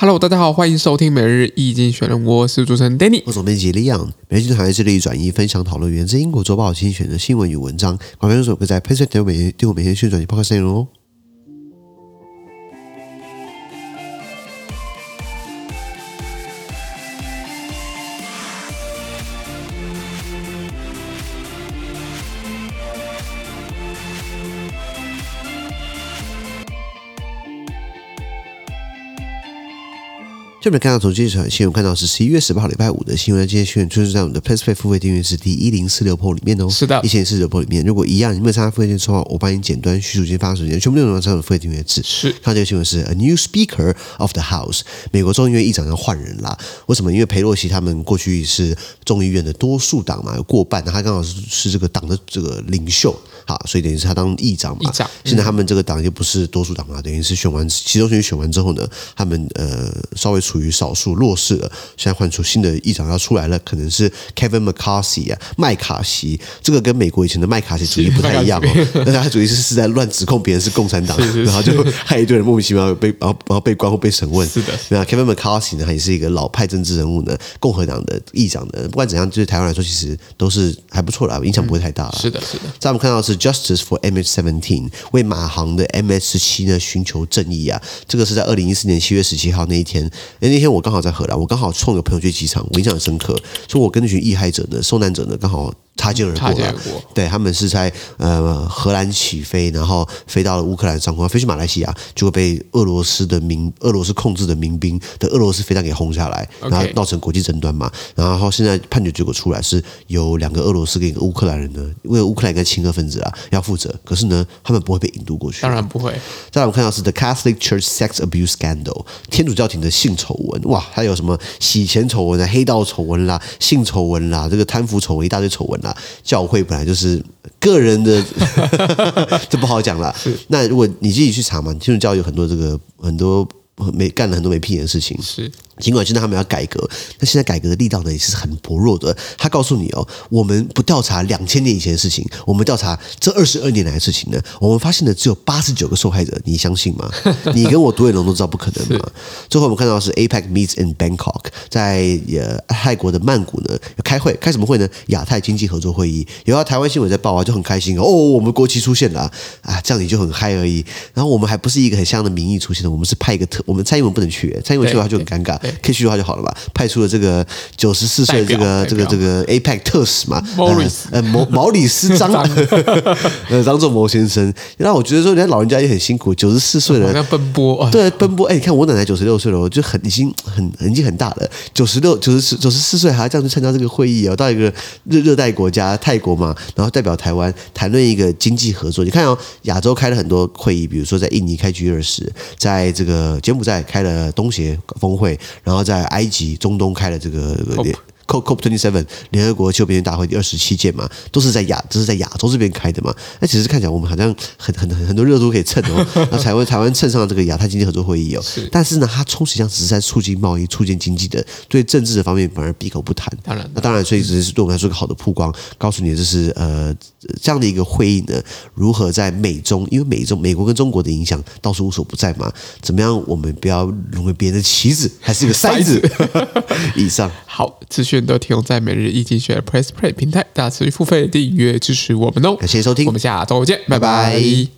Hello，大家好，歡迎收聽每日一經濟學人，我是主持人 Danny，我是主編傑里揚。每日一經濟學人致力轉移分享討論源自英國週報精選的新聞與文章，關注我們可在 Facebook 訂閱，訂閱我們每天選轉移播客內容哦。訓這邊看到從這一的新聞看到是十一月十八號禮拜五的新聞，今天新聞就是在我們的 PressPlay 付費訂閱是第一零四六波裡面哦，是的，一零四六波裡面。如果一樣，你沒有參加付費訂閱的後我幫你剪短，徐主編發的手機全部內容都加入付費訂閱制。是，看到這個新聞是 A new Speaker of the House，美國眾議院議長要換人啦。為什麼？因為裴洛西他們過去是眾議院的多數黨嘛，有過半，他剛好是是這個黨的這個領袖。好，所以等於是他當議長嘛。現在、嗯、他們這個黨就不是多數黨啊，等於是選完，其中選舉選完之後呢，他們呃稍微處於少數弱勢了。現在換出新的議長要出來了，可能是 Kevin McCarthy 啊，麥卡錫這個跟美國以前的麥卡錫主義不太一樣哦。是但是他主義是是在亂指控別人是共產黨，然後就害一堆人莫名其妙被然後然後被關或被審問。是的，那 Kevin McCarthy 呢，也是一個老派政治人物呢，共和黨的議長的。不管怎樣，對台灣來說其實都是還不錯的、啊，影響不會太大啦、嗯、是的，是的，在我們看到的是。Justice for MH17，為馬航的 MH17 呢尋求正義啊！這個是在二零一四年七月十七號那一天，誒，那天我剛好在荷蘭，我剛好衝着朋友去機場，我印象很深刻，所以我跟那群遇害者呢、受難者呢，剛好擦肩而過，對，他們是在呃荷蘭起飛，然後飛到了烏克蘭的上空，飛去馬來西亞，就會被俄羅斯的民、俄羅斯控制的民兵的俄羅斯飛彈給轟下來，然後鬧成國際爭端嘛。Okay. 然後現在判決結果出來，是由兩個俄羅斯跟一個烏克蘭人呢，因為烏克蘭跟親俄分子啊，要負責，可是呢，他們不會被引渡過去，當然不會。再來，我們看到是 The Catholic Church Sex Abuse Scandal，天主教廷的性醜聞，哇，還有什麼洗錢醜聞啊，黑道醜聞啦、啊、性醜聞啦、啊、這個貪腐醜聞一大堆醜聞啦、啊。教會本來就是個人的，就 不好講了。那如果你自己去查嘛，基督教有很多這個很多沒幹了很多沒屁眼的事情，是。儘管現在他們要改革，但現在改革的力道呢也是很薄弱的。他告訴你哦，我們不調查兩千年以前的事情，我們調查這二十二年來的事情呢，我們發現的只有八十九個受害者，你相信嗎？你跟我獨眼龍都知道不可能嘛。 最後我們看到的是 APEC meets in Bangkok，在呃泰國的曼谷呢開會，開什麼會呢？亞太經濟合作會議。有啊，台灣新聞在報啊，就很開心哦，我們國旗出現了啊，啊這樣你就很嗨而已。然後我們還不是一個很像樣的名義出現的，我們是派一個特，我們蔡英文不能去，欸，蔡英文去了就很尷尬。Okay, okay. 可以去的話就好了吧？派出了這個九十四歲的這個這個這個、這個、APEC 特使嘛，Maurice、呃呃毛呃毛毛裡斯張， 呃、張忠謀先生。然後我覺得說人家老人家也很辛苦，九十四歲了，好像奔波對奔波。哎，你看我奶奶九十六歲了，我就很已經很已經很大了。九十六九十四九十四歲還要這樣去參加這個會議啊？到一個熱熱帶國家泰國嘛，然後代表台灣談論一個經濟合作。你看啊、哦，亞洲開了很多會議，比如說在印尼開 G 二十，在這個柬埔寨開了東協峰會。然後在埃及、中東開了這個店。COP COP twenty seven，聯合國氣候變遷大會第二十七屆嘛，都是在亞，都是在亞洲這邊開的嘛。那其實看起來我們好像很很很很多熱度可以蹭哦。那台灣 台灣蹭上這個亞太經濟合作會議哦，但是呢，它充其量只是在促進貿易，促進經濟的，對政治的方面反而閉口不談啊。那當然，所以只是對我們來說一個好的曝光，告訴你這，就是呃這樣的一個會議呢，如何在美中，因為美中美國跟中國的影響倒是無所不在嘛。怎麼樣？我們不要淪為別人的棋子，還是一個篩子？ 以上， 好，繼續。都提供在每日一經濟學人 Press Play 平台，大家持續付費訂閱支持我們哦！感謝，謝收聽，我們下週見，拜拜。拜拜。